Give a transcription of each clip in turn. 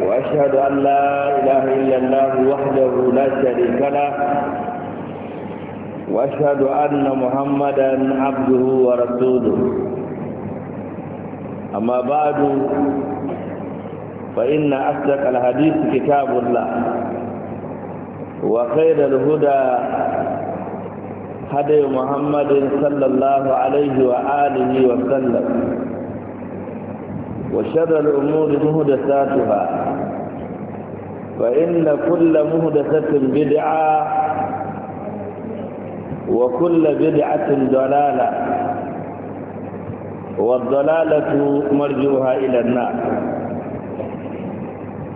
وأشهد أن لا إله إلا الله وحده لا شريك له وأشهد أن محمدا عبده ورسوله أما بعد فإن أصدق الحديث كتاب الله وخير الهدى هدي محمد صلى الله عليه وآله وسلم وشر الأمور مهدساتها فإن كل مهدسة بدعة وكل بدعة ضلالة والضلالة مرجوها إلى النار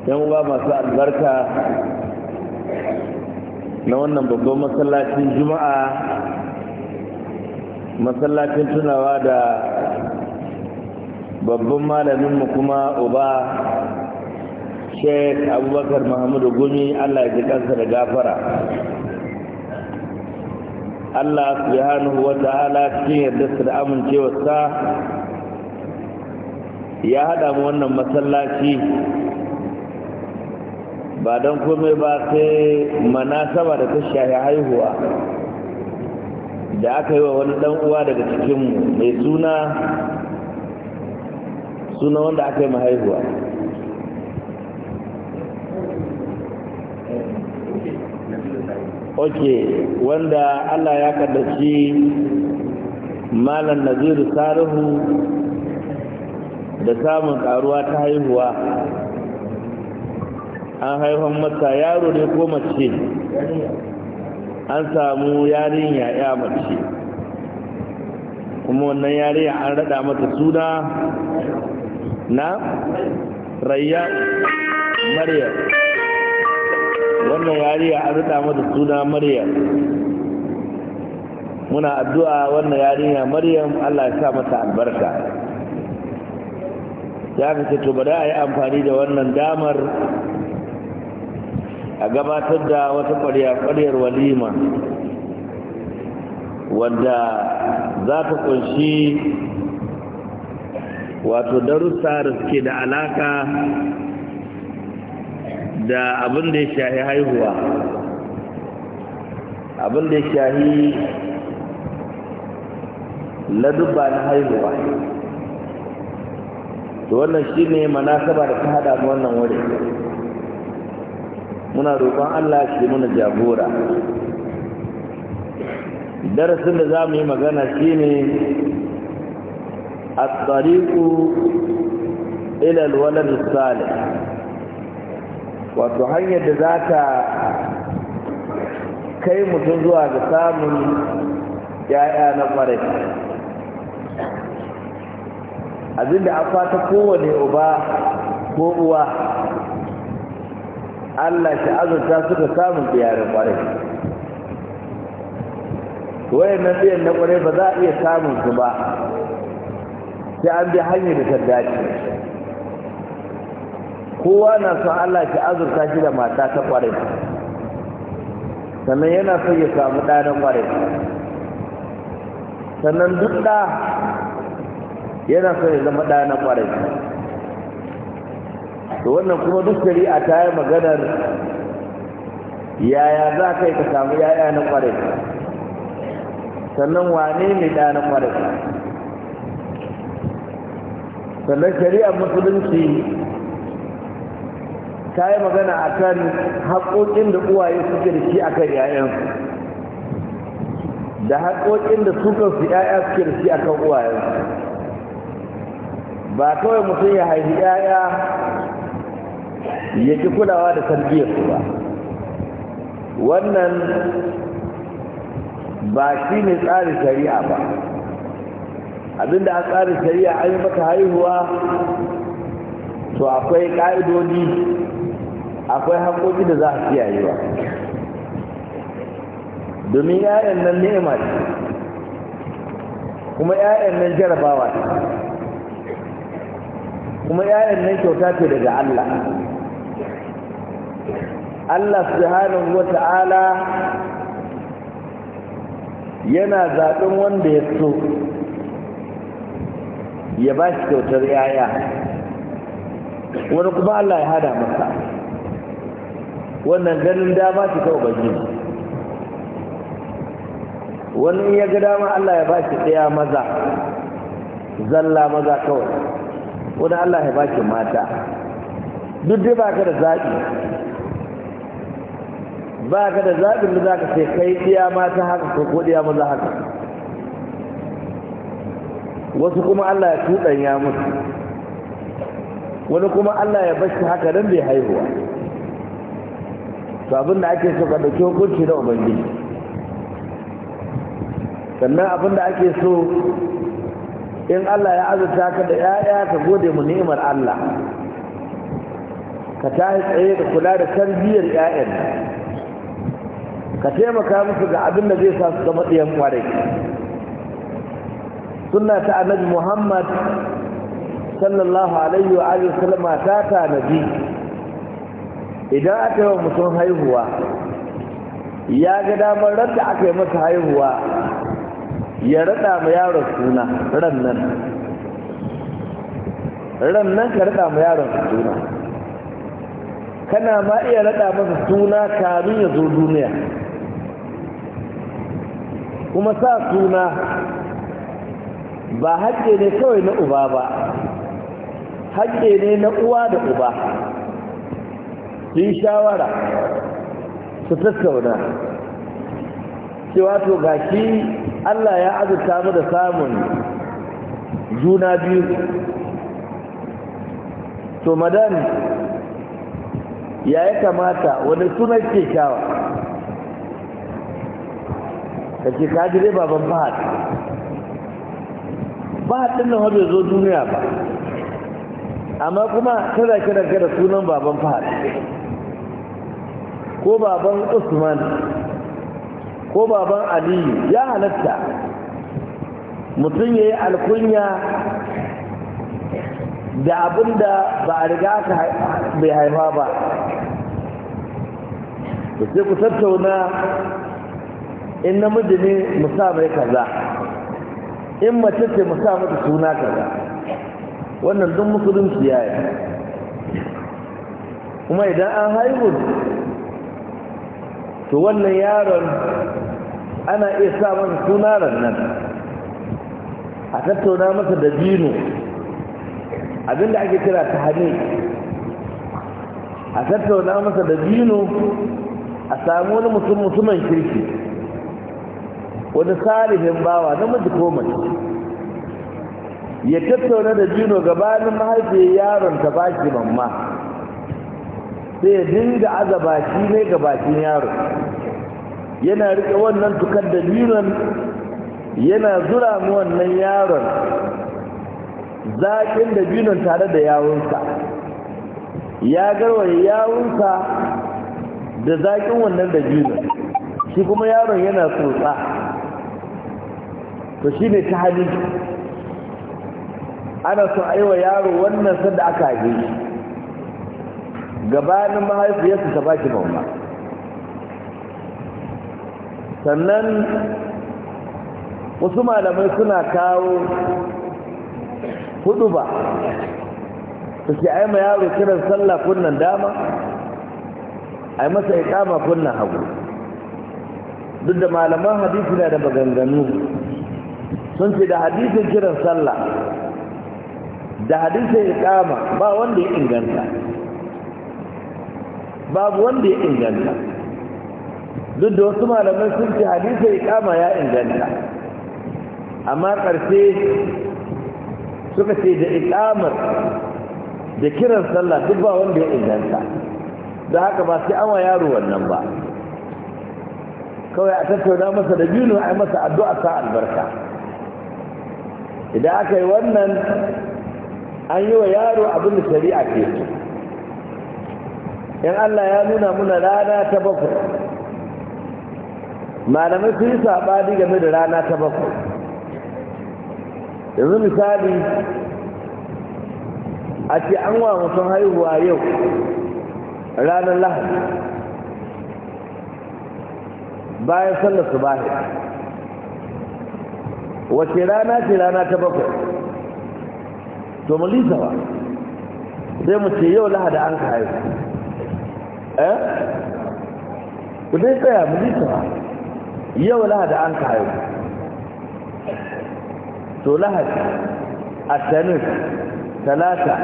يوم مساء البركة na wannan babban masallacin juma'a masallacin tunawa da babban malaminmu kuma uba sheik abubakar muhammadu gumi allah ya ji kansa da gafara allah subhanahu wa ta'ala cikin yardarsa da amincewarsa ya haɗa mu wannan masallaci ba don komai ba sai manasaba da ta shahi haihuwa da aka yi wa wani uwa daga cikinmu mai suna suna wanda aka yi mahaihuwa ok wanda allah ya shi malam naziru salihu da samun karuwa ta haihuwa an haihon masa yaro ne ko mace an samu yarinya ya mace kuma wannan yarinya an rada mata suna na rayya maryam wannan yariya an rada mata suna maryam muna addu'a wannan yarinya maryam Allah ya sa mata albarka ya kace to bada ai amfani da wannan damar a gabatar da wata ƙwarya ƙwaryar walima wanda za ta ƙunshi wato darussa da suke da alaka da abin da ya shahi haihuwa abin da ya shahi ladubba na haihuwa to wannan shi ne manasaba da ta hada mu wannan wuri muna roƙon Allah shi muna jagora darasin da za mu yi magana shi ne at-tariqu ila al-walad wato hanyar da za ta kai mutum zuwa ga samun ya'ya na ƙwarai abinda an fata kowane uba ko uwa Allah shi azurta suka samun biyarin wayan wayannan biyan na ƙwarai ba za a iya samun su ba sai an bi hanyar da ta dace kowa na son Allah ki azurta shi da mata ta kware sannan yana son ya samu ɗa na kware sannan duk ɗa yana son ya zama ɗa na kware to wannan kuma duk shari'a ta yi maganar yaya za ka yi ka samu yaya na kware sannan wane ne ɗa na kware sannan shari'ar musulunci ta yi magana a kan haƙoƙin da uwaye suke da shi a kan ‘ya'yansu da haƙoƙin da su ‘ya'ya suke da shi a kan uwayensu ba kawai mutum ya haifi ‘ya'ya ya ki kulawa da tarbiyyarsu ba wannan ba shi ne tsarin shari'a ba abinda a tsarin shari'a an yi maka haihuwa to akwai ƙa'idodi akwai haƙoƙi da za a yiwa. domin yayan nan ne'ima ce kuma yayan nan jarabawa ce kuma yayan nan kyauta ce daga Allah Allah subhanahu wa ta'ala yana zaɓen wanda ya so ya ba shi kyautar yaya wani kuma Allah ya hada masa wannan ganin dama shi kawo ubangiji wani in ya ga dama Allah ya ba shi ɗaya maza zalla maza kawai wani Allah ya ba shi mata duk dai ba ka da zaɓi ba ka da zaɓin da za ka sai kai ɗaya mata haka ko ɗaya maza haka wasu kuma Allah ya ya musu wani kuma Allah ya bashi haka nan bai haihuwa to abin da ake so ka ɗauki hukunci na ubangiji sannan abin da ake so in Allah ya azurta ka da 'ya'ya ka gode mu ni'imar Allah ka tashi tsaye da kula da tarbiyyar 'ya'yan ka taimaka musu ga abin da zai sa su zama ɗiyan kwarai Suna ta annabi muhammad sallallahu alaihi wa alihi ta tanadi idan aka yi wa mutum haihuwa ya ga damar ranta aka yi masa haihuwa ya rada ma yaron suna ran nan ran nan ka rada ma yaron suna kana ma iya rada masa suna kamin ya zo duniya kuma sa suna ba haƙƙi ne kawai na uba ba haƙƙi ne na uwa da uba su yi shawara su tattauna cewa to gashi Allah ya azurta mu da samun juna biyu to madan ya yi kamata wani suna ke ka ce ka baban fahad ba ɗin nan bai zo duniya ba amma kuma tana kira kira sunan baban fahad ko baban usman ko baban aliyu ya halatta mutum ya yi alkunya da abin da ba a riga aka bai haifa ba da sai ku tattauna in namiji ne musamman kaza in mace ce mu sa mata suna kaza wannan duk musulunci ya kuma idan an haihu to wannan yaron ana iya sa masa suna nan a tattauna masa da dino abinda ake kira ta hane a tattauna masa da dino a samu wani mutum kirki wani salihin bawa namiji ko mace ya tattauna da jino gabanin mahaifiyar yaron ta baki mamma sai ya dinga aza baki ne gabakin yaron. yaro yana rike wannan tukar da jinon yana zura mu wannan yaron zaƙin da jinon tare da yawunsa ya garwaye yawunsa da zaƙin wannan da jinon shi kuma yaron yana tsotsa to shi ne ta hali ana so a yi wa yaro wannan sanda aka haife shi gabanin mahaifiyarsa ta baki mamma sannan wasu malamai suna kawo hudu ba su ke a yi ma yaro kiran sallah kunnan dama a yi masa ikama kunnan hagu duk da malaman hadisi na da maganganu sun ce da hadisin kiran sallah da hadisin iqama ba wanda ya inganta babu wanda ya inganta duk da wasu malaman sun ce hadisin iqama ya inganta amma ƙarshe suka ce da iqamar da kiran sallah duk ba wanda ya inganta da haka ba sai an wa yaro wannan ba kawai a tattauna masa da biyu a masa addu'a sa albarka idan aka yi wannan an yi wa yaro abin da shari'a ke in Allah ya nuna muna rana ta bakwai malamai sun yi saɓani game da rana ta bakwai yanzu misali a ce an wa mutum haihuwa yau ranar lahadi bayan sallar su bayan wace rana ce rana ta bakwai to mu lisa ba sai mu ce yau lahada an ka haihu eh ku dai tsaya mu lisa ba yau lahada an ka haihu to lahada attanin talata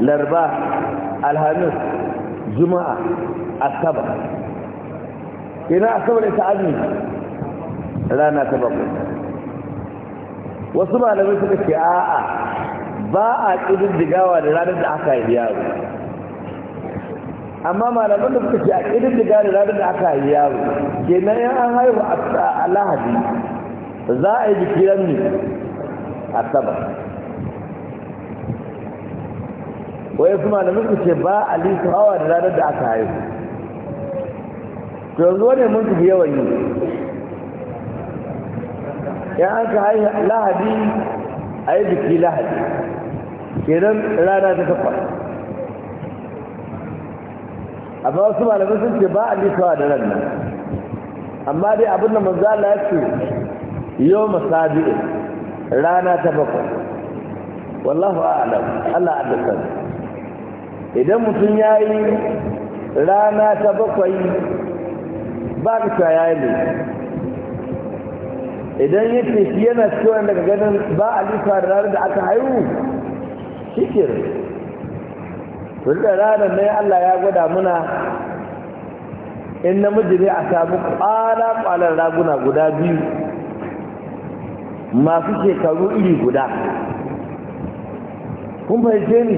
larba alhamis juma'a asaba, ina asabar ita azumi rana ta bakwai wasu malamai suka ce a'a ba a ƙididdigawa da ranar da aka yi yaro amma malaman da suka ce a ƙididdiga da ranar da aka yi yaro nan yan an haihu a lahadi za a yi bikiran ne a saba wai su malamai suka ce ba a lisa hawa da ranar da aka haihu to yanzu wani mun su yawan yi in an ka haihu lahadi a yi biki lahadi kenan rana ta kafa, amma wasu malamai sun ce ba a nisawa da ran nan amma dai abin da manzo Allah ya ce yau masabi rana ta bakwai wallahu a'lam Allah addakan idan mutum ya yi rana ta bakwai ba ka ya yi ne idan ya ce shi yana cikin daga ganin ba a lisa da ranar da aka haihu shi ke da ranar ne allah ya gwada muna in namiji ne a samu kwala kwalar raguna guda biyu masu shekaru iri guda kun fahimce ni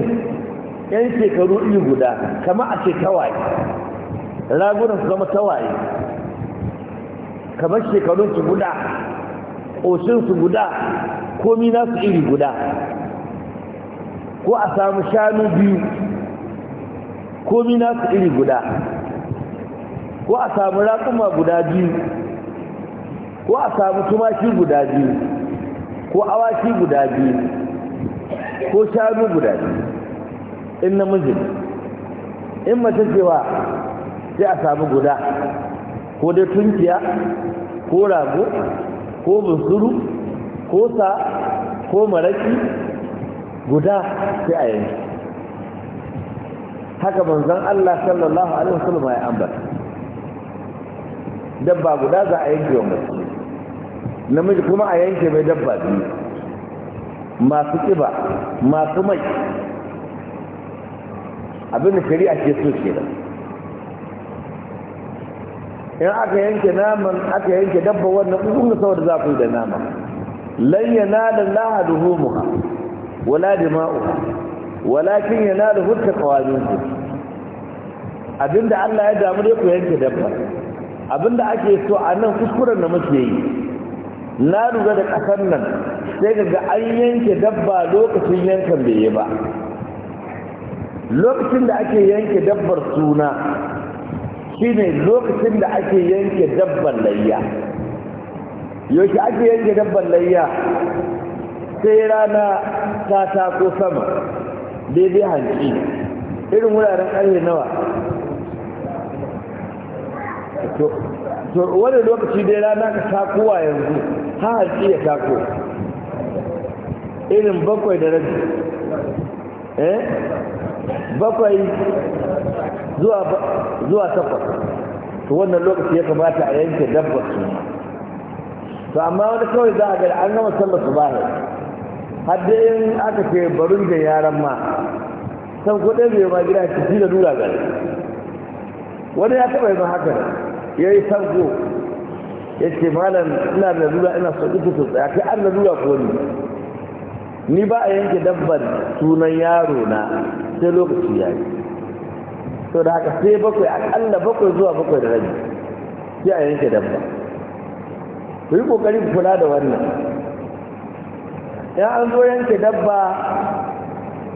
yan shekaru iri guda kama a ce tawaye ragunan su zama tawaye kamar shekarun su guda ƙoshinsu guda komi nasu iri guda ko a samu shanu biyu komi nasu iri guda ko a samu raƙuma guda biyu ko a samu tumaki guda biyu ko awaki guda biyu ko shanu guda biyu in namiji in mace cewa sai a samu guda ko dai tunkiya ko rago ko musuru ko sa ko maraki guda sai a yanki haka manzon Allah sallallahu alaihi wasallam ya ambata dabba guda za a yanke wa mace namiji kuma a yanke mai dabba biyu masu kiba masu mai abin da shari'a ke so kenan in aka yanke naman aka yanke dabba wannan kun ga saboda za ku da nama lan yanala Allah duhumuha wala dima'u walakin yanalu hutta minkum abinda Allah ya damu da ku yanke dabba abinda ake so a nan kuskuren da muke yi na lura da ƙasar nan sai ga an yanke dabba lokacin yankan bai yi ba lokacin da ake yanke dabbar suna shine lokacin da ake yanke dabban layya yaushe ake yanke dabban layya sai rana ta tako sama daidai hanci irin wuraren ƙarfe nawa to wani lokaci dai rana ka wa yanzu ha hanci ya tako irin bakwai da rabi eh bakwai zuwa takwas to wannan lokaci ya kamata a yanke dabbar su to amma wani kawai za a gari an gama sallar su bahir har dai in aka ce barin da yaran ma san kuɗin zai ma gida ki ji da nura gari wani ya taɓa yin haka ya yi sanko ya ce malam ina da lura ina so ita to tsaya kai an da lura ko ni ni ba a yanke dabbar sunan yaro na sai lokaci ya yi so da haka sai bakwai akalla bakwai zuwa bakwai da rabi sai a yanke dabba ku yi kokari kula da wannan ya an zo yanke dabba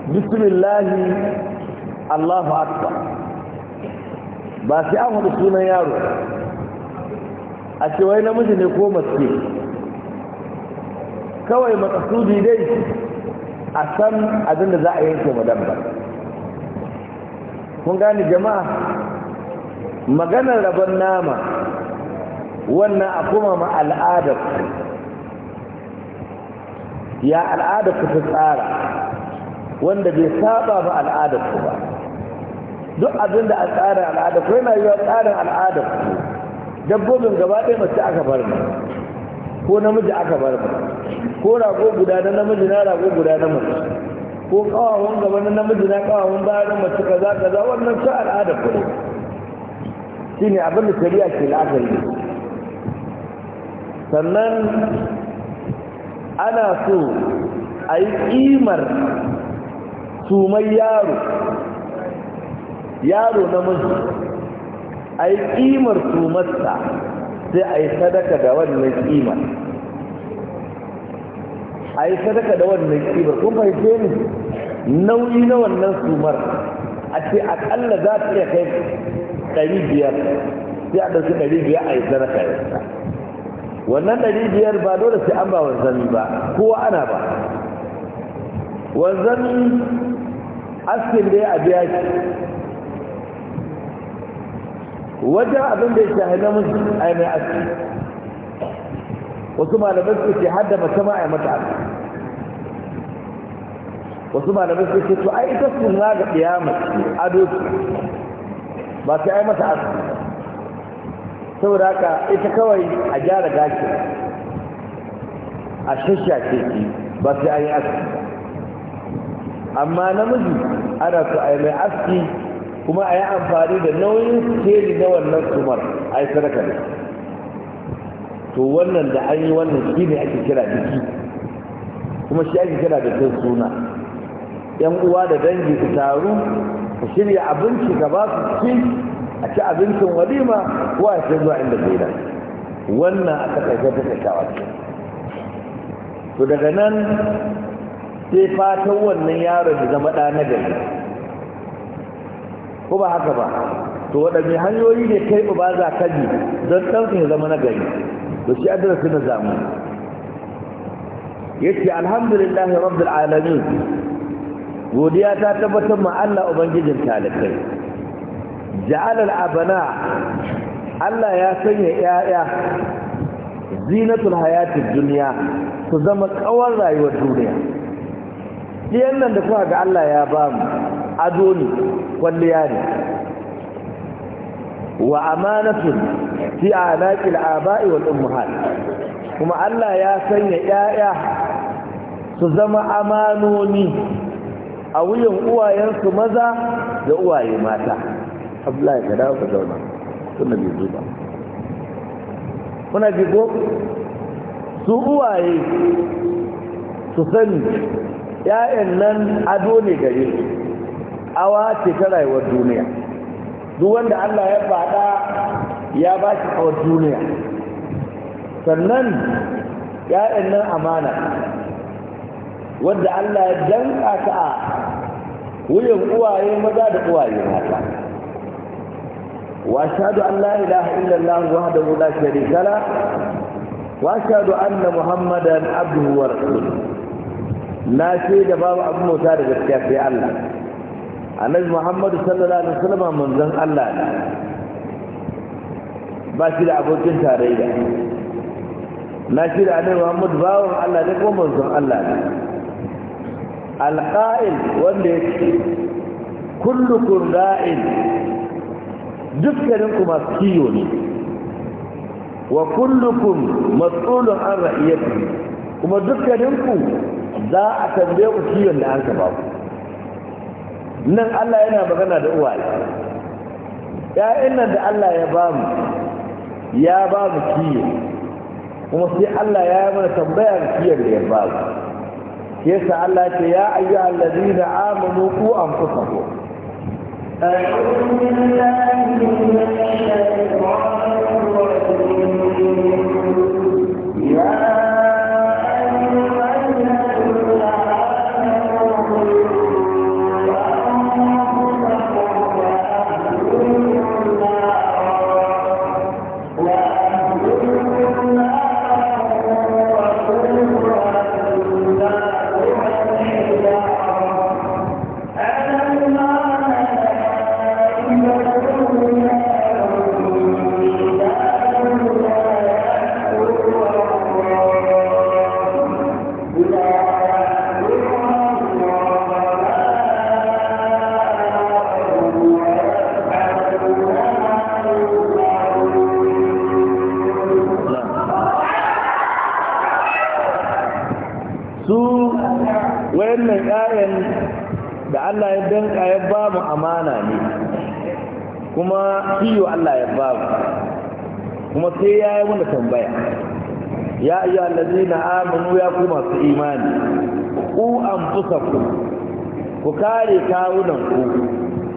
bismillahi allahu akbar ba sai an haɗu sunan yaro a ce wai namiji ne ko maske. kawai matsasudi dai a san abin da za a yanke mu dabbar kun gani jama'a maganar rabon nama wannan a kuma ma al'adar ya al'adar ku ta tsara wanda bai saba ba al'adar ku ba duk abin da a tsarin al'adar ku yana wa tsarin al'adar ku dabbobin gaba ɗaya mace aka bar mu ko namiji aka bar ba ko rago guda na namiji na rago guda na mace ko kawawan gaba na namiji na kawawan baya na mace kaza kaza wannan ta al'ada ko shine abin da shari'a ke la'akari sannan ana so a yi ƙimar tumai yaro yaro namiji a yi ƙimar tumarsa sai a yi sadaka da wannan kima a yi sadaka da wannan kimar kun fahimce ni nauyi na wannan sumar a ce akalla za ta iya kai ɗari biyar sai a ɗauki ɗari biyar a yi sadaka da ita wannan ɗari biyar ba dole sai an ba wanzami ba kowa ana ba wanzami askin da ya abiya shi wajen abin da ya shahi namiji a yi mai aski wasu malamai su ce hada mace ma a yi mata aski wasu malamai su ce to ai ita suna ga ɗiyama ado ba sai a yi mata aski saboda haka ita kawai a gyara gashi a shashake shi ba sai a yi aski amma namiji ana su a yi mai aski kuma a yi amfani da nauyin keli na wannan kumar a yi sadaka da to wannan da an yi wannan shi ne ake kira shi kuma shi ake kira da kan suna yan uwa da dangi su taru ku shirya abinci ga ba su ci a ci abincin walima ko a ce zuwa inda zai wannan aka kaifa ta kaitawa ce to daga nan sai fatan wannan yaron da zama ɗa na gari ko ba haka ba to waɗanne hanyoyi ne kai ba za ka don ɗansa ya zama na gari to shi adarsu na zamu ya ce alhamdulillah rabbil alamin godiya ta tabbatar ma Allah ubangijin talakai ja'alar abana Allah ya sanya yaya zinatul hayatin duniya su zama kawar rayuwar duniya ɗiyan nan da kuka ga Allah ya ba mu ado ne kwalliya ne wa amanatun fi anaqil aba'i wal ummahat kuma Allah ya sanya 'ya'ya su zama amanoni a wuyan uwayensu maza da uwaye mata Abdullahi ka dawo ka zauna zuba kuna ji ko su uwaye su sani ‘ya'yan nan ado ne gare su awa ce ta rayuwar duniya duk wanda Allah ya faɗa ya ba shi kawar duniya sannan ya'yan nan amana wadda Allah ya danka ta a wuyan uwaye maza da uwaye mata wa shahadu an la ilaha illallah wahdahu la sharika la wa shahadu anna muhammadan abduhu wa rasuluhu na shaida babu abin mota da gaskiya sai Allah annabi muhammadu sallallahu alaihi wasallam manzon Allah ne ba shi da abokin tarayya na shi da annabi muhammadu bawon Allah ne ko manzon Allah ne alqa'il wanda yake kullukum ra'in dukkanin ku masu kiyo ne wa kullukum mas'ulun an ra'iyatihi kuma dukkanin ku za a tambaye ku kiyon da an ka ba ku nan Allah yana magana da uwaye ‘ya'yan nan da Allah ya ba mu ya ba mu kiye kuma sai Allah ya yi mana tambaya da kiyar da ya ba mu yasa Allah ce ya ayyu allazi da amanu ku an kusa ko أعوذ بالله من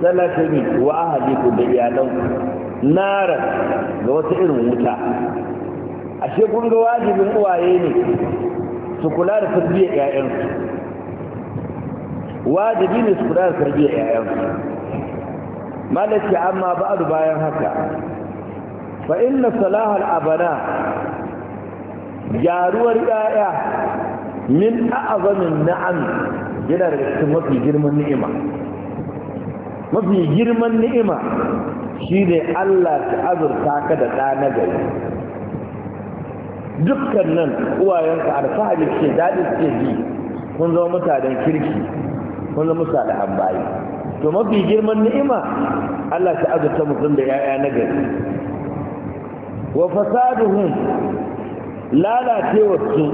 salatin wa ahadikum da iyalan nara ga wata irin wuta ashe kun ga wajibin uwaye ne su kula da tarbiyyar ƴaƴansu wajibi ne su kula da tarbiyyar ƴaƴansu malaki amma ba'du bayan haka fa inna salahal abana jaruwar ƴaƴa min a'azamin na'am yana daga cikin mafi girman ni'ima mafi girman ni'ima shi ne Allah ta azurta ka da ɗa na gari dukkan nan uwayenka alfahari ke daɗi suke ji kun zama mutanen kirki kun zama musa da hambayi to mafi girman ni'ima Allah ta azurta mutum da ‘ya'ya na gari wa fasaduhun lalacewarsu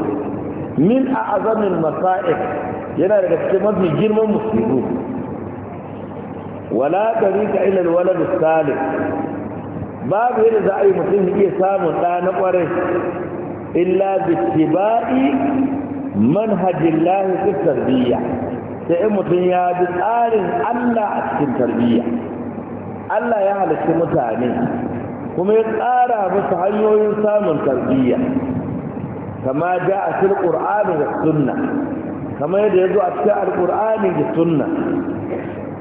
min a azamin masa'ik yana daga cikin mafi girman musibu wala tariqa ila alwalad salih babu yadda za a yi mutum iya samun ɗa na ƙwarai illa bittiba'i manhajillahi fi tarbiyya sai in mutum ya bi tsarin Allah a cikin tarbiyya Allah ya halarci mutane kuma ya tsara musu hanyoyin samun tarbiyya kama ja a cikin ƙur'ani da sunna kama yadda ya zo a cikin alƙur'ani da sunna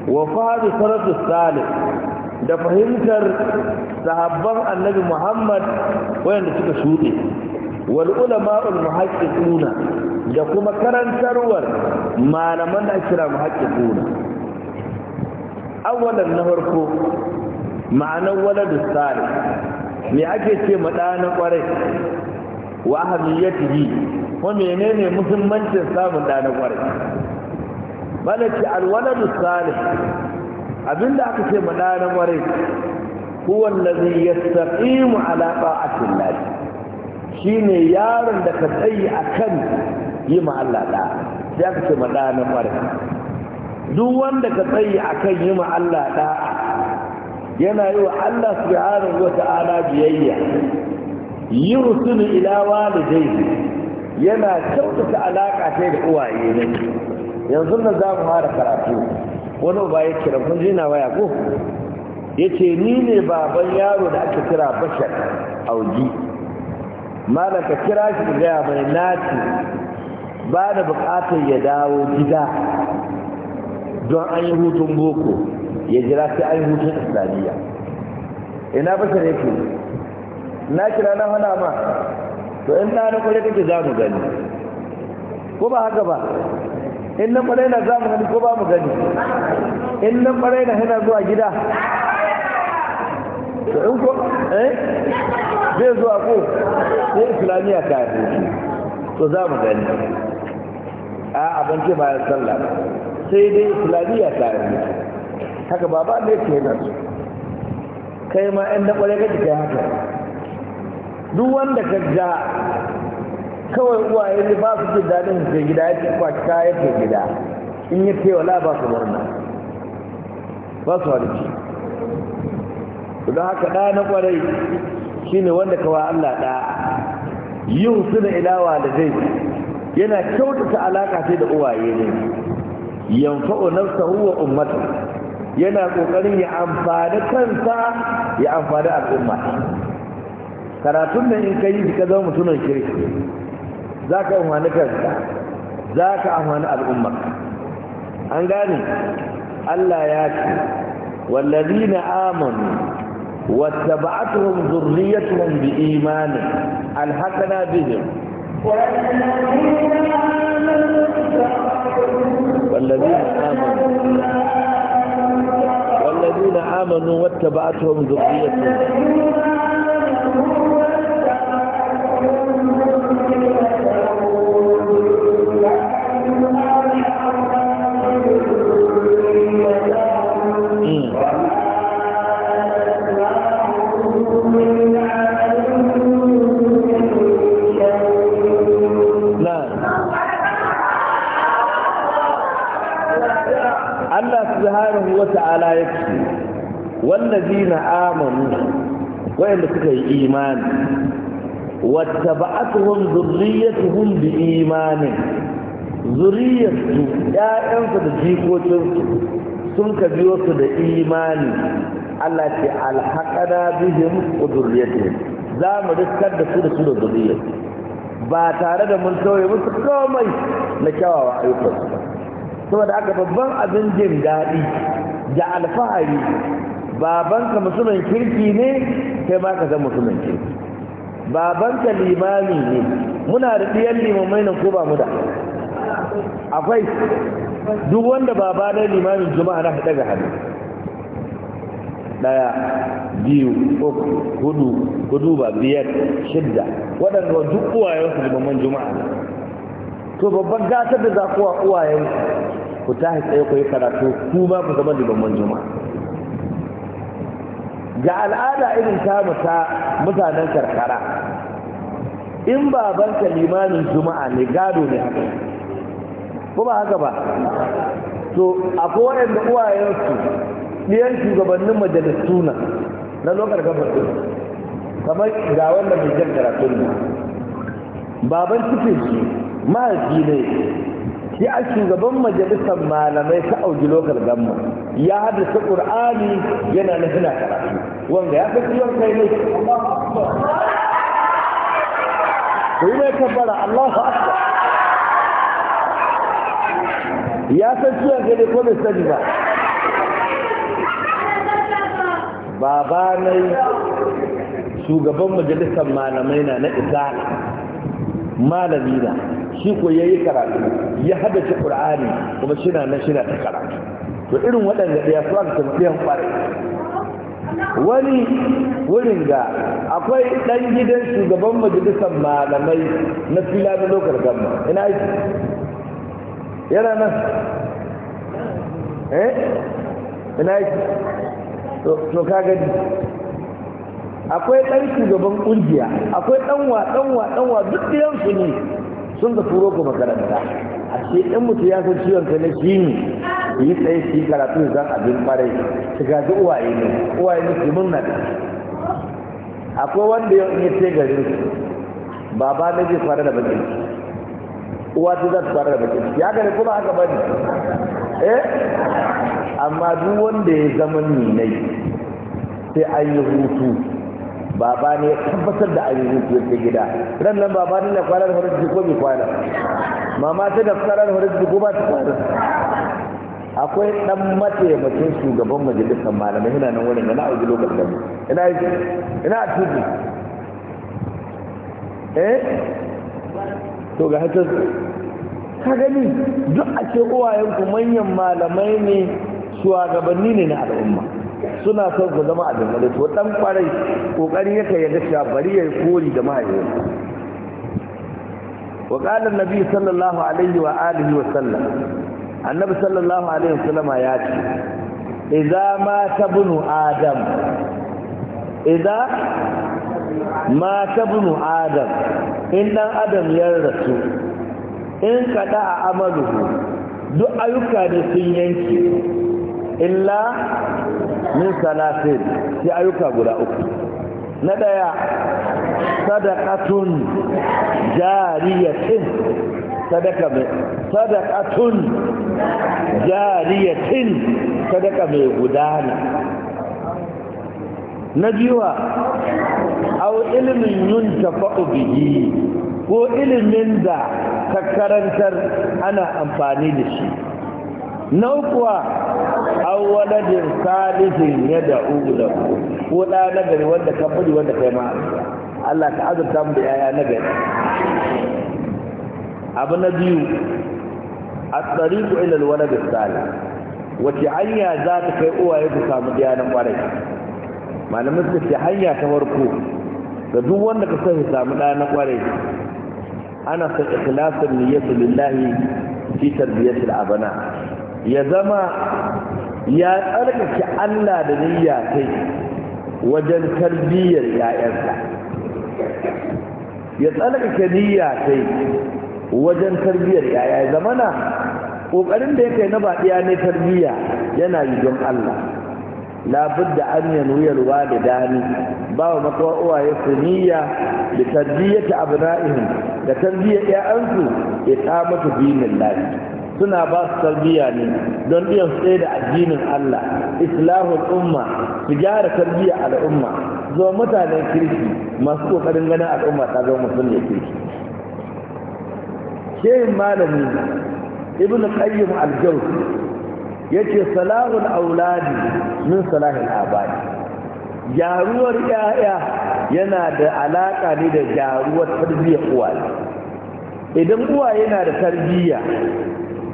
wa fahadu salatu salih da fahimtar sahabban annabi muhammad wayanda suka shuɗe wal ulama'ul muhaqqiquna da kuma karantarwar malaman da kira muhaqqiquna awalan na farko ma'anar waladu salih me ake ce ma ɗa na ƙwarai wa ahamiyatihi ko menene muhimmancin samun ɗa na ƙwarai malaki alwaladu salih abinda aka ce ma ɗana mare huwa allazi yastaqimu ala ta'atillah shine yaron da ka tsayi akan yi ma Allah da sai aka ce ma ɗana mare duk wanda ka tsayi akan yi ma Allah da yana yi wa Allah subhanahu wa ta'ala biyayya yursilu ila walidayhi yana kyautata alaka sai da uwaye ne yanzu na za mu fara karatu wani ba ya kira kun jina waya ko ya ce ni ne baban yaro da aka kira bashar auji malaka ka kira shi ga mai naci ba da bukatar ya dawo gida don an yi hutun boko ya jira sai an yi hutun islamiyya ina bashar yake na kira na hana ma to in na ɗana kwarai kake za mu gani ko ba haka ba in na kwarai na za mu gani ko ba mu gani in na kwarai na yana zuwa gida to in ko eh zai zuwa ko sai islamiya ta yi to za mu gani a abin ke bayan sallah sai dai islamiya ta yi haka baba ne ke yana su kai ma in na kwarai ka kai haka duk wanda ka ja kawai uwaye ne ba su jin daɗin su gida ya ce kwaci ya ke gida in ya ce wala ba su murna ba su harci don haka ɗaya na ƙwarai shi ne wanda kawa Allah ɗa yin da ilawa da zai yana kyautata alaƙa sai da uwaye ne yanfa'u nafsahu wa ummatu yana ƙoƙarin ya amfani kansa ya amfani al'umma karatun nan in ka yi ka zama mutumin kirki za ka amfani kanka za ka amfani al'ummar an gane Allah ya ce wallazina amanu wattaba'atuhum dhurriyyatuhum biiman alhaqna bihim والذين آمنوا والذين آمنوا واتبعتهم ذريتهم wallazina amanu wayanda suka yi imani wattaba'atuhum dhurriyyatuhum imanin? zuriyarsu ƴaƴansu da jikokinsu sun ka biyo su da imani Allah ce alhaqana bihim wa dhurriyyatuhum za mu riskar da su da su da zuriyarsu ba tare da mun tauye musu komai na kyawawa ayyukansu ba saboda haka babban abin jin daɗi da alfahari babanka musulmin kirki ne kai ma ka zama musulmin kirki babanka limami ne muna da ɗiyar limamai nan ko ba mu da akwai duk wanda baba na limamin juma'a na haɗa ga hannu ɗaya biyu uku hudu hudu ba biyar shidda waɗanda wa duk su limaman juma'a to babban gasar da za kuwa uwayensu ku tashi tsaye ku yi karatu ku ba ku zama limaman juma'a ga al'ada irin tamu ta mutanen karkara in babanka limanin juma'a ne gado ne haka ko ba haka ba to akwai waɗanda uwayensu ɗiyan shugabannin majalisu na na lokar gabatar kamar ga wanda mai jan karatun baban cikin shi mahaifi ne shi a shugaban majalisar malamai ta auji lokal gamma ya haddasa ƙur'ani yana na suna karatu wanda ya fi ciwon kai ne ku yi mai kabbara allahu akbar ya san ciwon kai ko bai sani ba babanai shugaban majalisar malamai na na isa malami na shi ko yayi karatu ya haddace qur'ani kuma shina na shina ta karatu to irin waɗanda da ya su aka tambayan kwarai wani wurin ga akwai ɗan gidan shugaban majalisar malamai na filan lokar gamma ina yi? yana nan eh ina yi? to ka kaga akwai ɗan shugaban ƙungiya akwai ɗanwa ɗanwa ɗanwa duk ɗiyansu ne sun ka turo ku makaranta a ce ɗan mutu ya san ciwon ka na shi ne yi tsaye shi karatu su zan abin ɓarai su gaji uwaye ne uwaye ne mun na da akwai wanda ya yi ce garin su baba na zai fara da bakin uwa ta za ta fara da bakin ya gani kuma haka bane eh amma duk wanda ya zama ni nai sai an yi hutu baba ne ya tabbatar da ainihin su ta gida ran nan baba ne na kwanar hurin ko bai kwana mama ta da kwanar hurin ko ba ta kwana akwai dan mataimakin shugaban majalisar malamai yana nan wurin yana auji lokacin da ina yi ina aiki eh to ga hatar ka gani duk a ce yanku manyan malamai ne shugabanni ne na al'umma suna son su zama a dangane to dan kwarai kokari yake ya dace bari ya kori da mahaifin wa qala annabi sallallahu alaihi wa alihi wa sallam annabi sallallahu alaihi wa sallama ya ce idza mata bunu adam idza ma tabnu adam in dan adam ya rasu in kada a amalu duk ayyuka ne sun yanke. illa min salatin sai ayyuka guda uku na daya sadaqatun jariyatin sadaqa mai sadaqatun jariyatin sadaqa mai gudana na biyuwa aw ilmin yuntafa'u bihi ko ilimin da ka ana amfani da shi na ukuwa aw waladin salihin ya da lahu ko da na gari wanda ka fadi wanda kai ma Allah ka azurta mu da yaya na gari abu na biyu at-tariqu ila al-walad salih wace hanya za ta kai uwaye ku samu diyanin kwarai malamin su ce hanya ta farko ga duk wanda ka sai samu ɗaya na kwarai ana son ikhlasin niyyatu lillahi fi tarbiyatil abana ya zama ya tsarkake Allah da niyya kai wajen tarbiyyar ‘ya'yansa ya tsarkake niyya kai wajen tarbiyyar ‘ya'ya zamana ƙoƙarin da ya kai na baɗiya ne tarbiyya yana yi don Allah labudda an yanuyarwa da ba wa makawa uwaye su niyya da tarbiyyar abu da tarbiyyar ‘ya'yansu ya kamata dinin lafiya suna ba su tarbiyya ne don iya tsaye da addinin Allah islahul umma su gyara tarbiyya al'umma zo mutanen kirki masu kokarin ganin al'umma ta zama musulmi kirki shehin malami ibnu qayyim al-jawzi yace salahul auladi min salahil abadi gyaruwar 'ya'ya yana da alaka ne da gyaruwar tarbiyyar uwaye idan uwaye na da tarbiyya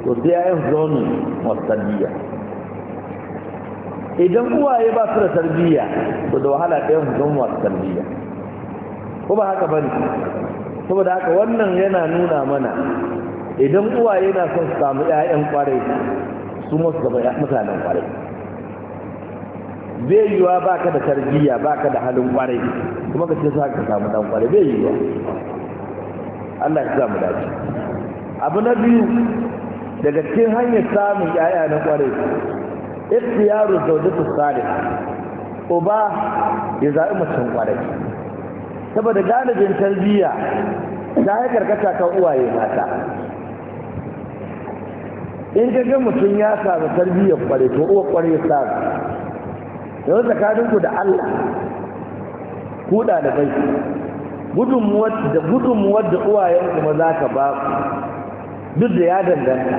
to sai yayin su zama masu tarbiyya idan uwaye ba su da tarbiyya to da wahala ɗayan su zama masu tarbiyya ko ba haka bane saboda haka wannan yana nuna mana idan uwaye na son su samu ƴaƴan kware su masu zama mutanen kwarai zai yiwa baka da tarbiyya baka da halin kware, kuma ka ce sa ka samu dan kwarai zai yiwa Allah ya samu dace abu na biyu daga cikin hanyar samun yaya na yaro ikhtiyaru zawjatu salih uba ya zaɓi mutum ƙwarai. saboda galibin tarbiyya ta yi karkata kan uwaye mata in ka ga mutum ya samu tarbiyyar kwarai to uwa kwarai ya samu yau tsakaninku da Allah ku ɗalibai gudunmuwar da uwayen kuma za ka ba duk da ya danganta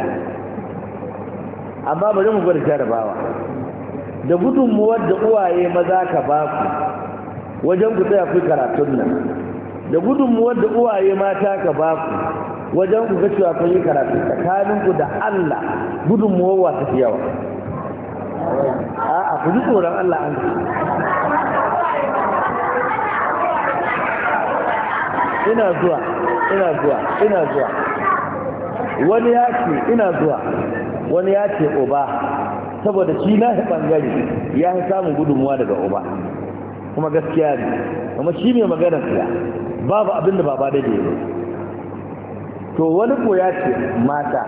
amma bari mu gwada jarabawa da gudunmuwar da uwaye maza ka ba ku wajen ku tsaya kai karatun nan da gudunmuwar da uwaye mata ka ba ku wajen ku ga cewa kun yi karatu tsakaninku da Allah gudunmuwar wa ta yawa a'a ku ji tsoron Allah an ina zuwa ina zuwa ina zuwa wani ya ce ina zuwa wani ya ce uba saboda shi na shi bangare ya fi samun gudunmuwa daga uba kuma gaskiya ne kuma shi mai maganar siya babu abin da baba da yi to wani ko ya ce mata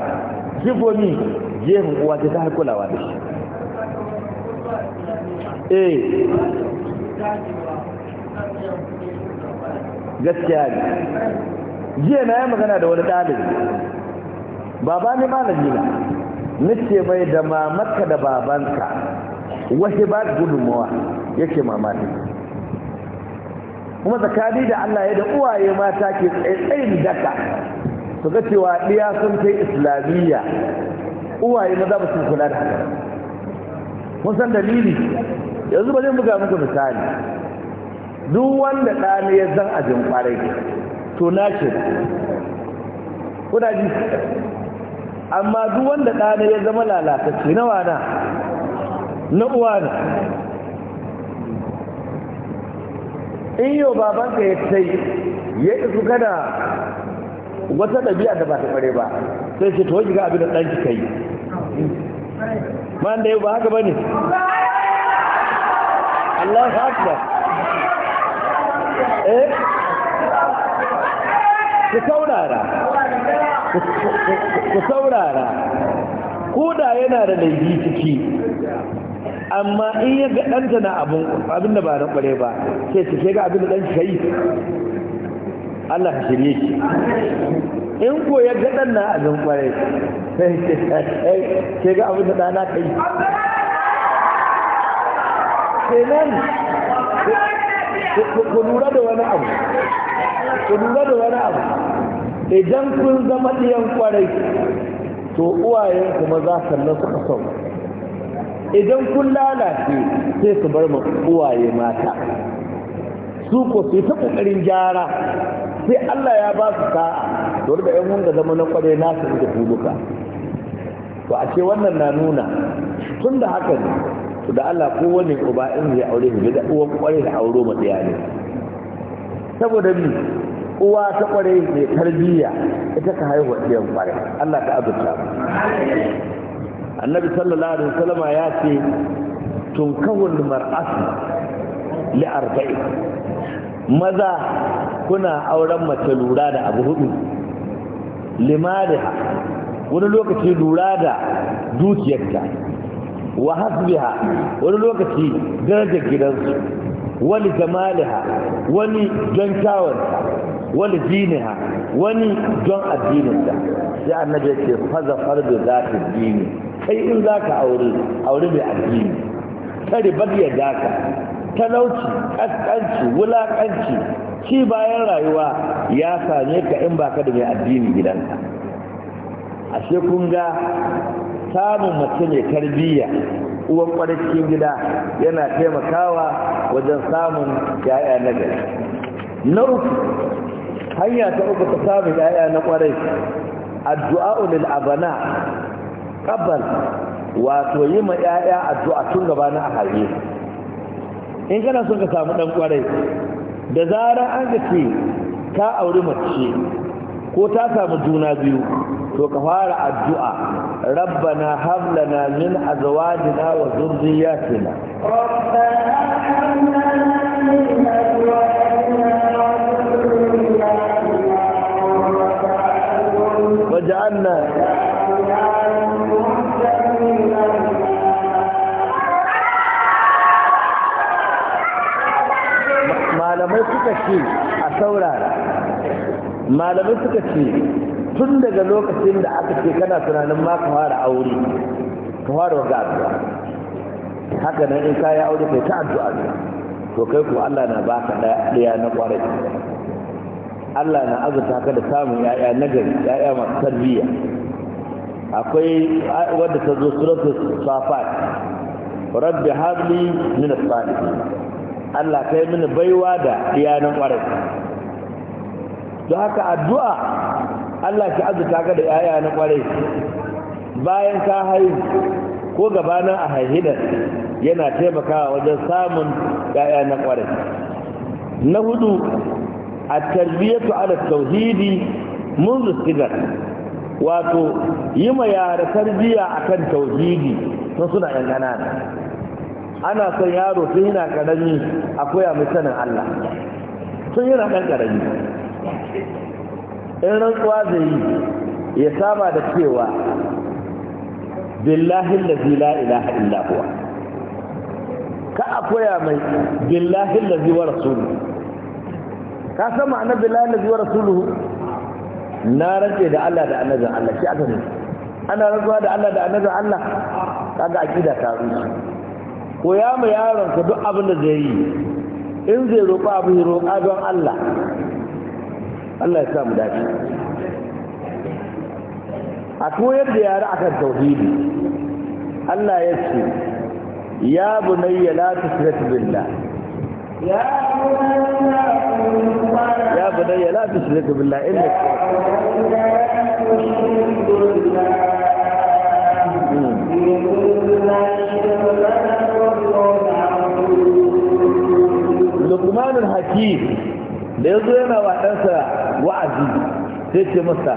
shi gomi jefin uwa ta ta kulawa da shi eh gaskiya ne jiya na yi magana da wani ɗalibi baba ne malami na nace mai da mamarka da babanka wahi ba gudunmawa yake mamaki kuma tsakani da Allah ya da uwaye mata ke tsaitsayin daka su ga cewa ɗiya sun kai islamiyya uwaye maza ba su kula da haka mun san dalili yanzu ba zai buga muku misali duk wanda ɗani ya zan ajin kwarai to na ce kuna ji amma duk wanda ɗana ya zama lalatacce na wana na uwana in yau babanka ya tai ya isu gada wata ɗabi'a da ba ta ƙware ba sai ce to wajen ga abin da ɗanki ka yi ba da yau ba haka ba ne Allah ba. eh ku saurara ku saurara ko da yana da laifi ciki amma in ya ga ɗanta na abin da ba na ƙware ba sai su ga abin da ɗan shi yi Allah ka shirye shi. in ko ya ga ɗan na abin ƙware sai ga abin da ɗana ka yi kenan ku lura da wani abu ku lura da wani abu idan kun zama ɗiyan kwarai to uwayen kuma za su nan suka sau idan kun lalace sai su bar uwaye mata su ko su ta ƙoƙarin gyara sai Allah ya ba su sa'a to da ƴan wanda zama na kwarai na su da huluka Ba a ce wannan na nuna tun da haka ne to da Allah ko wani uba in ya aure shi da uwan kwarai da auro matsaya ne saboda ni. uwa ta kware mai tarbiyya ita ka haihuwa ɗiyan kware Allah ta azurta annabi sallallahu alaihi wasallama ya ce tunkahul mar'atu li arba'in maza kuna auren mace lura da abu hudu limaliha wani lokaci lura da dukiyarta wa hasbiha wani lokaci darajar gidansu wani jamaliha wani don kyawunta wani jiniha wani don addininta sai annabi ya ce faza farbe za ta jini kai in za ka aure aure mai addini ta ribar ya daka talauci kaskanci wulakanci ci bayan rayuwa ya same ka in baka da mai addini gidanka ashe kun ga samun mace mai tarbiyya uwan cikin gida yana taimakawa wajen samun ya'ya na gari na uku hanya ta uku ta samun ya'ya na kwarai addu'a ulil abana qabl wato yi ma ya'ya addu'a tun gaba na ahaye in kana son ka samu ɗan kwarai da zarar an ga ce ka auri mace ko ta samu juna biyu to ka fara addu'a rabbana hab lana min azwajina wa dhurriyyatina rabbana hab min azwajina wa dhurriyyatina waj'alna malamai suka ce a saurara malamai suka ce tun daga lokacin da aka ce kana tunanin ma ka fara aure ka fara wa addu'a haka nan in kayi aure kai ta addu'a to kai ko Allah na baka daya na kwarai Allah na azurta ka da samun yaya na gari yaya masu tarbiyya akwai wadda ta zo suratul safat rabbi habli min as-salihin Allah kai mini baiwa da iyanan kwarai Da haka addu'a Allah ki azuta ka da yaya na kwarai bayan ka haihu ko gabanin a haihidan yana taimakawa wajen samun yaya na kwarai na hudu a tarbiyyatu ala tauhidi mun الصغر wato yi ma yara tarbiya akan tauhidi sun suna yan ƙanana ana son yaro tun yana ƙarami a koya mai sanin Allah tun yana ɗan ƙarami in rantsuwa zai yi ya saba da cewa billahi lazi la ilaha illahuwa ka a koya mai billahi lazi wa rasulu. ka san ma'anar billahi lazi wa rasulu? na rantse da Allah da annabin Allah shi aka nufi ana rantsuwa da Allah da annabin Allah kaga akida ta rushe koya mai yaron ka duk abin da zai yi in zai roƙa abu ya roƙa don Allah Allah ya sa mu dace a koyar da yara akan tauhidi Allah ya ce ya bunayya la tushrik billah ya bunayya la tushrik billah inna Lukmanul Hakim da ya zo yana wa ɗansa wa'azi sai ce masa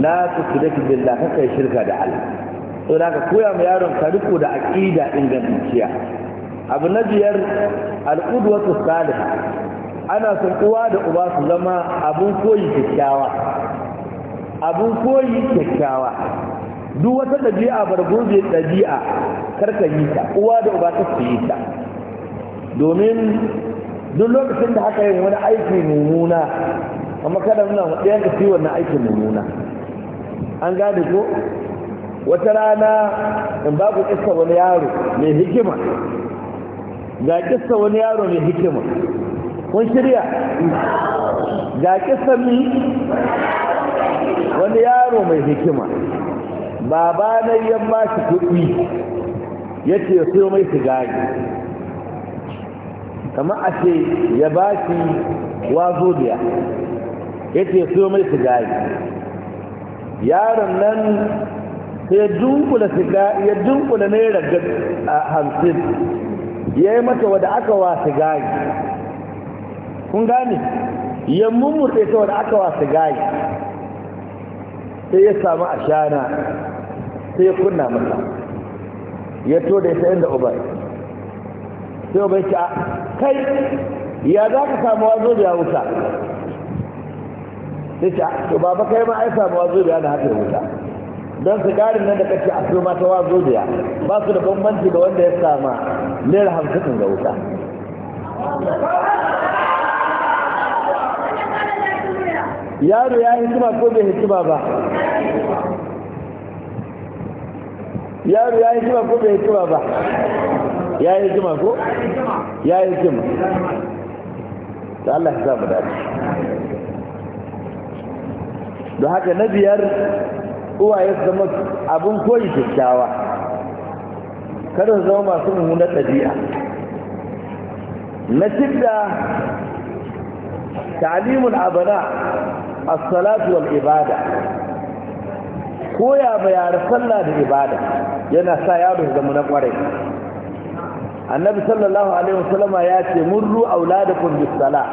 la tushrik billah kai shirka da Allah to da ka koya ma yaron ka riko da aqida ingantacciya abu na biyar al'udwatu salihah ana son uwa da uba su zama abun koyi kyakkyawa abun koyi kyakkyawa duk wata ɗabi'a bargurbe ɗabi'a karka yi ta uwa da uba ta yi ta domin duk lokacin da haka yin wani aiki mummuna amma kada muna ɗaya ka fi wannan aikin mummuna an gane ko wata rana in ku kissa wani yaro mai hikima ga kissa wani yaro mai hikima kun shirya ga kissa mi wani yaro mai hikima baba na yan ba shi kuɗi ya ce ya so mai sigari kamar a ce ya ba shi wazo biya ya ce so mai sigari yaron nan sai ya dunkula sigari ya dunkula hamsin ya yi mata wadda aka wa sigari kun gane ya mummurta ta wadda aka wa sigari sai ya samu ashana sai ya kunna mata ya to da ita inda ubai sai ya ce kai ya za ka samu wazo da ya wuta dace ah, to baba kai ma ai samu wazo da da haka wuta don su garin nan da kace a so mata wazo da ba su da bambanci da wanda ya sama naira hamsin ga wuta yaro ya yi hikima ko bai hikima ba yaro ya yi hikima ko bai hikima ba ya yi hikima ko ya yi hikima ta Allah ya sa mu dace da haka na biyar uwaye ya zama abin koyi kyakkyawa kada su zama masu mummunar ɗabi'a na shidda ta'limul abana as-salatu wal ibada koya ba yara sallah da ibada yana sa yaro zama na kwarai annabi sallallahu alaihi wasallama ya ce murru auladakum bis sala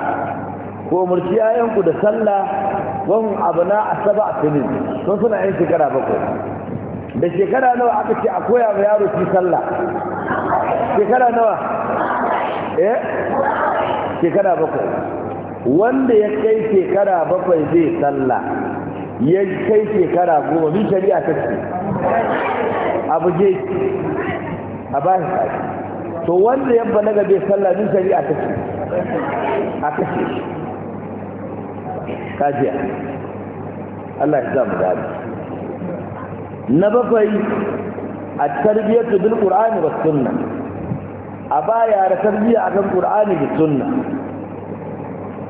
ko murci ayanku da sallah abu na asaba sinin sun suna yin shekara bakwai da shekara nawa aka ce a koya ma yaro shi sallah shekara nawa eh shekara bakwai wanda ya kai shekara bakwai zai sallah ya kai shekara goma bi shari'a ta ce abu je a ba shi to wanda yabba na gabe sallah bi shari'a ta ce a kashe shi kafiya Allah ya sa mu na bakwai a tarbiyyatu bil qur'ani was sunna a baya da tarbiyya akan qur'ani da sunna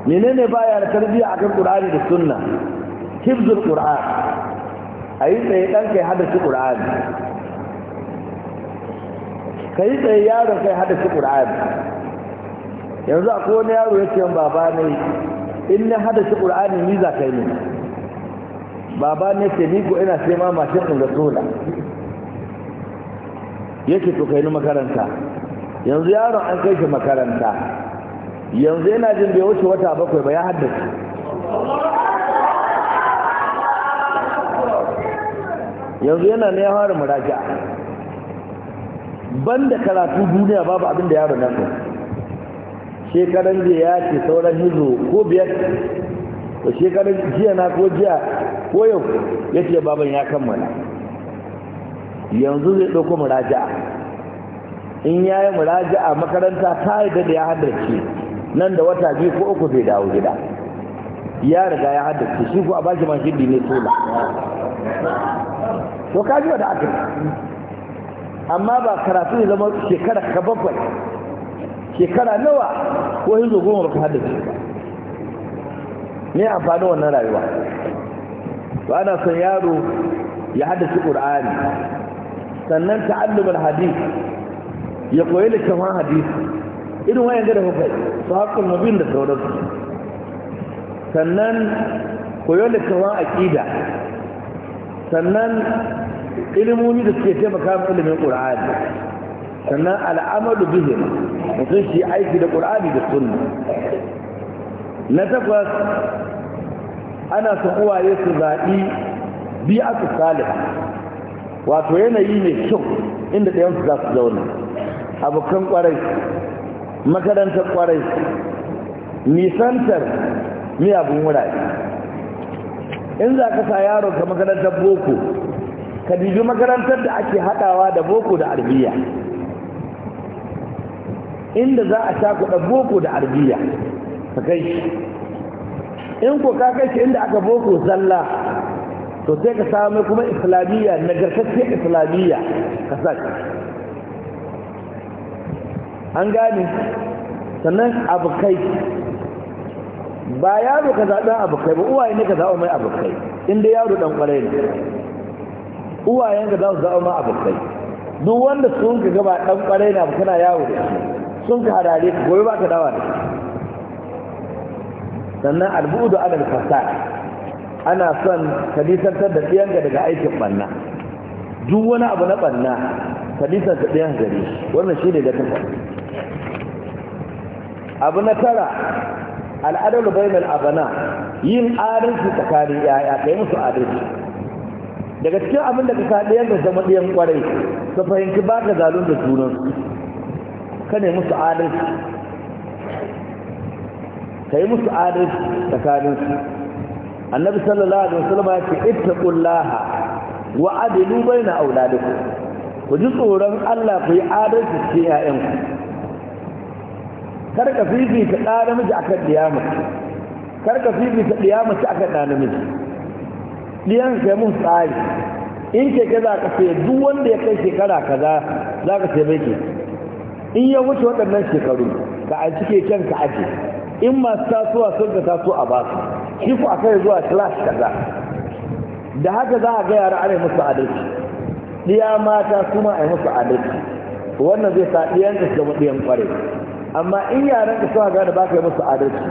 menene baya da tarbiyya akan qur'ani da sunna hifzul qur'an ayi tsaye dan kai hadasi qur'ani kai tsaye yaro kai hadasi qur'ani yanzu akwai wani yaro yake baba ne in na hada shi ƙur'ani ni za ka yi ne baba ne ce ni ko ina sai ma mashin ɗin ga sola yake to kai ni makaranta yanzu yaron an kai shi makaranta yanzu yana jin bai wuce wata bakwai ba ya haddace yanzu yana ne ya fara muraja banda karatu duniya babu abin da yaron nan shekaran da ya ce sauran hizo ko biyar da shekaran jiya na ko jiya ko yau ya ce baban ya kammala yanzu zai ɗauko muraja'a in ya yi muraja'a makaranta ta yi da ya haddace nan da wata biyu ko uku zai dawo gida ya riga ya haddace shi ko a bashi man shiddi ne tola to kaji wa da aka amma ba karatu zama shekara ka bakwai shekara nawa ko zo goma baka ka haddace ba me amfanin wannan rayuwa ba ana son yaro ya haddace qur'ani sannan ta'allumul hadis ya koyi littafin hadis irin wayan gada kuka yi su haƙƙun mabin da sauransu sannan da littafin aƙida sannan ilimomi da suke taimaka ilimin ƙur'ani sannan al'amalu bihi mutum shi aiki da ƙur'ani da sunna na takwas ana son uwaye su zaɓi biyu aka salih wato yanayi mai kyau inda ɗayansu za su zauna abokan ƙwarai makarantar ƙwarai nisantar miyagun wurare in za ka sa yaro ka makarantar boko ka dibi makarantar da ake haɗawa da boko da arbiya inda za a cakuɗa boko da arbiya ka kai shi in ko ka kai shi inda aka boko zalla to sai ka samu kuma islamiyya nagartacciyar islamiyya ka sa an gane sannan abokai ba yaro ka zaɓi abokai ba uwaye ne ka zaɓa mai abokai inda yaro ɗan ƙwarai ne uwayen ka za su zaɓa ma abokai duk wanda sun ka gaba ɗan ƙwarai na kana yawo da shi sun ka harare ka gobe ba ka dawa da sannan da adal fasad ana son ka nisantar da tsiyanka daga aikin banna duk wani abu na banna ka nisanta tsiyan gari wannan shi ne da kafa abu na tara al'adar bainal abana yin adalci tsakanin yaya kai musu adalci daga cikin abin da ka sa ɗayan da zama ɗayan kwarai ka fahimci ba ka zalun da junansu ka ne musu adalci ka yi musu adalci tsakaninsu annabi sallallahu alaihi wasallam ya ce ittaqullaha wa adilu baina auladikum ku ji tsoron Allah ku yi adalci cikin ku kar ka fifita ɗa namiji akan diyama. kar ka fifita diyama mace akan ɗa namiji Diyan kai mun tsari in keke za ka sai duk wanda ya kai shekara kaza za ka sai bai ke in ya wuce waɗannan shekaru ka a cike kyan ka in masu tasowa sun ka taso a basu shi ku akai zuwa class kaza da haka za a ga yara ana musu adalci ɗiya mata kuma a yi musu adalci wannan zai sa ɗiyan ka zama ɗiyan kware amma in yaran ka suka gane ba ka yi musu adalci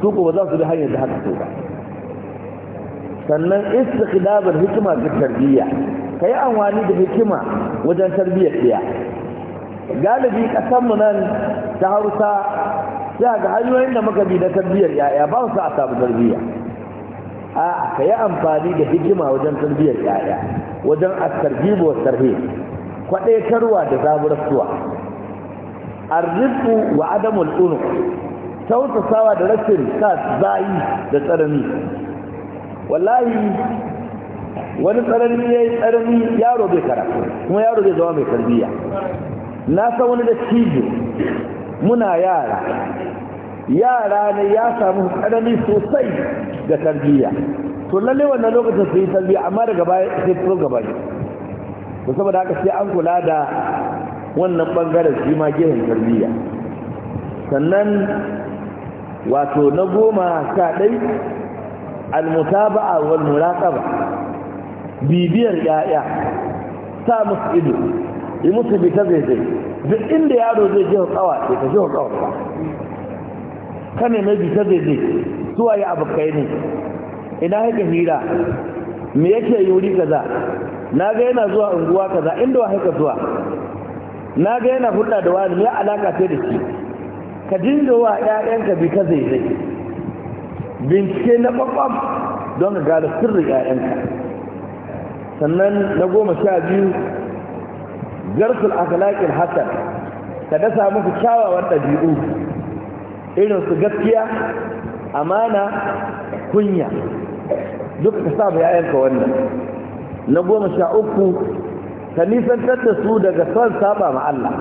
su ko ba za su bi hanyar da haka so ba sannan istikhdamul hikima fi tarbiyya kai amfani da hikima wajen tarbiyyar ɗiya. galibi mu nan ta hausa za ga hanyoyin da muka bi na tarbiyyar yaya ba su a samu tarbiyya a ka yi amfani da hikima wajen tarbiyyar yaya wajen astarjibu wa tarhe kwaɗaitarwa da zaburarsuwa arziku wa adamul unu tausasawa da rashin sa zayi da tsarami. wallahi wani tsarami ya yi tsarami yaro bai karatu kuma yaro bai zama mai tarbiyya na san wani dattijo muna yara yara ne ya samu tsanani sosai ga tarbiyya to lalle wannan lokacin su yi tarbiyya amma daga baya sai fito gaba ne to saboda haka sai an kula da wannan bangaren shi ma gehen tarbiyya sannan wato na goma sha ɗai almutaba'a wal muraqaba bibiyar 'ya'ya sa musu ido yi musu bi ta zai zai duk inda yaro zai ji tsawa ya ta ji tsawa ba ka ne mai bi ta zai zai zuwa yi abu kai ne ina haka hira me yake yi wuri kaza na ga yana zuwa unguwa kaza inda wa haka zuwa na ga yana hulɗa da wani ya alaka ta da shi ka dinga wa ƴaƴanka bi ta zai zai bincike na kwakwam don ka gada sirrin ƴaƴanka sannan na goma sha biyu garsul akhlaqil hasan ka dasa musu kyawawan ɗabi'u irin su gaskiya amana kunya duk ka sa bayan yayanka wannan na goma sha uku ka nisantar da su daga son saba ma Allah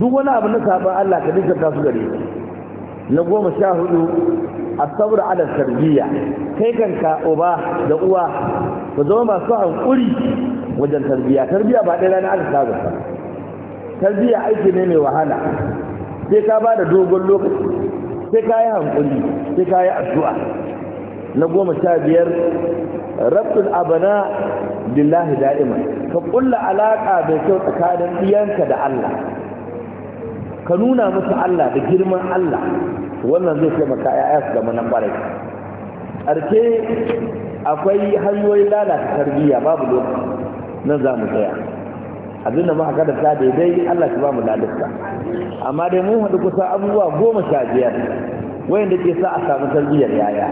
duk wani abu na saban Allah ka nisanta su gare na goma sha hudu a saboda ala tarbiyya kai kanka uba da uwa ku zama masu hankuri wajen tarbiya tarbiya ba ɗaya rana aka saba ba tarbiya aiki ne mai wahala sai ka ba da dogon lokaci sai ka yi hankuli sai ka yi addu'a na goma sha biyar rabtul abana billahi da'ima ka kulla alaka mai kyau tsakanin iyanka da Allah ka nuna musu Allah da girman Allah wannan zai taimaka ya'ya su zama nan barai ƙarshe akwai hanyoyin lalata tarbiyya babu lokaci nan za mu tsaya abin da muka ta daidai Allah shi ba mu amma dai mun haɗu kusa abubuwa goma sha biyar wayanda ke sa a samu tarbiyar yaya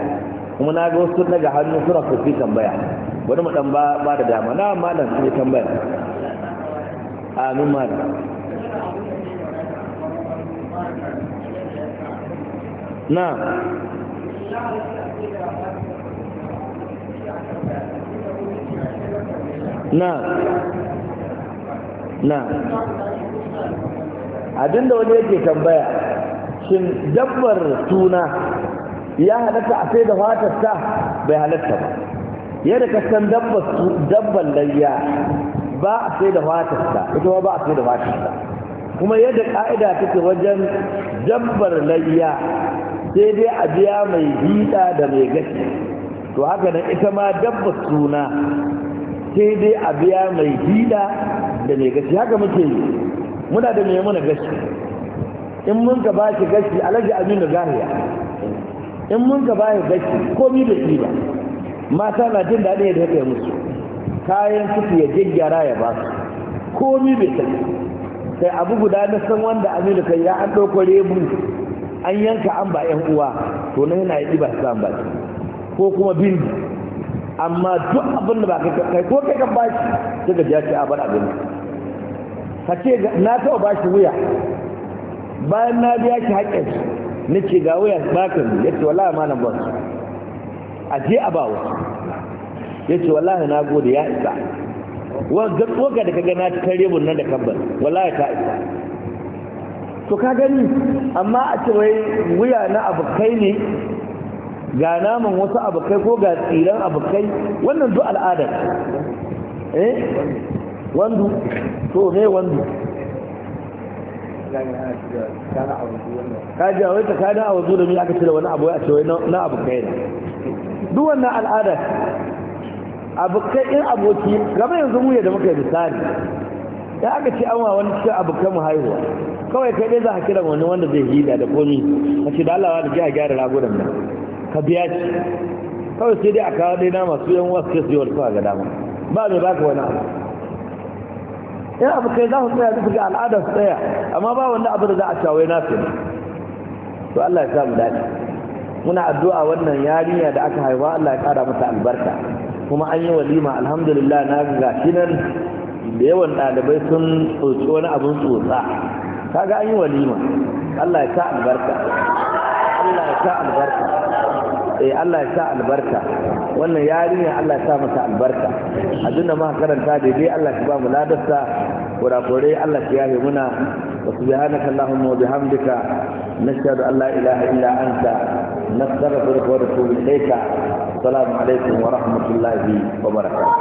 kuma na ga wasu daga hannu suna fi tambaya wani mu dan ba da dama na malam sun tambaya amin malam na na na abinda wani yake tambaya shin dabbar suna ya halatta a sai da fatar ta bai halatta ba yadda ka san dabbar layya ba a sai da fatar ta ita ba a sai da fatar ta kuma yadda ka'ida take wajen dabbar layya sai dai a biya mai hida da mai gashi to haka nan ita ma dabbar suna sai dai a biya mai hila da mai gashi haka muke yi muna da mai muna gashi in mun ka bashi gashi alaji aminu zahiya in mun ka bashi gashi komi da ba mata na jin daɗi da haka musu kayan suke ya gyara ya ba su komi bai tafi sai abu guda na san wanda aminu kai ya an ɗauko rebu an yanka an ba 'yan uwa to na yana yi ba su ba ko kuma bindi amma duk abin da ba kai kai ko kai kan bashi daga ka ce a bar abin ka ce na taɓa bashi wuya bayan na biya shi haƙƙin na ce ga wuya ba ne ya ce wallahi ma nan ban a je a ba wasu ya ce wallahi na gode ya isa wanda da ka gana ta mun nan da kabbar wallahi ta isa to ka gani amma a ce wai wuya na abu kai ne ga naman wasu abokai ko ga tsiran abokai wannan duk al'ada eh wandu to ne wandu kaji a wata kada a wazo da mi aka cire wani abu a cewa na abokai ne duk wannan al'ada abokai in aboki gaba yanzu mu da muka yi misali ya aka ce an wani cikin abokan mu haihuwa kawai kai ɗaya za a kira wani wanda zai hida da komi a ce da Allah da ji a gyara da mai ka biya shi kawai sai dai a kawo dai na masu yan wasu kesu siyo alfa ga dama ba mai baka wani abu yan abu kai za su tsaya su ga al'adar su tsaya amma ba wani abu da za a shawai na su to Allah ya samu dace muna addu'a wannan yarinya da aka haifa Allah ya kara mata albarka kuma an yi walima alhamdulillah na ga shi nan da yawan ɗalibai sun tsotsi wani abin tsotsa kaga an yi walima Allah ya sa albarka Allah ya sa albarka eh Allah ya sa albarka wannan yarinya Allah ya sa masa albarka abinda ma karanta dai Allah ya ba mu ladarsa kurakurai Allah ya yi muna wa subhanaka allahumma wa bihamdika nashhadu an la ilaha illa anta nastaghfiruka wa natubu ilayka assalamu alaikum wa rahmatullahi wa barakatuh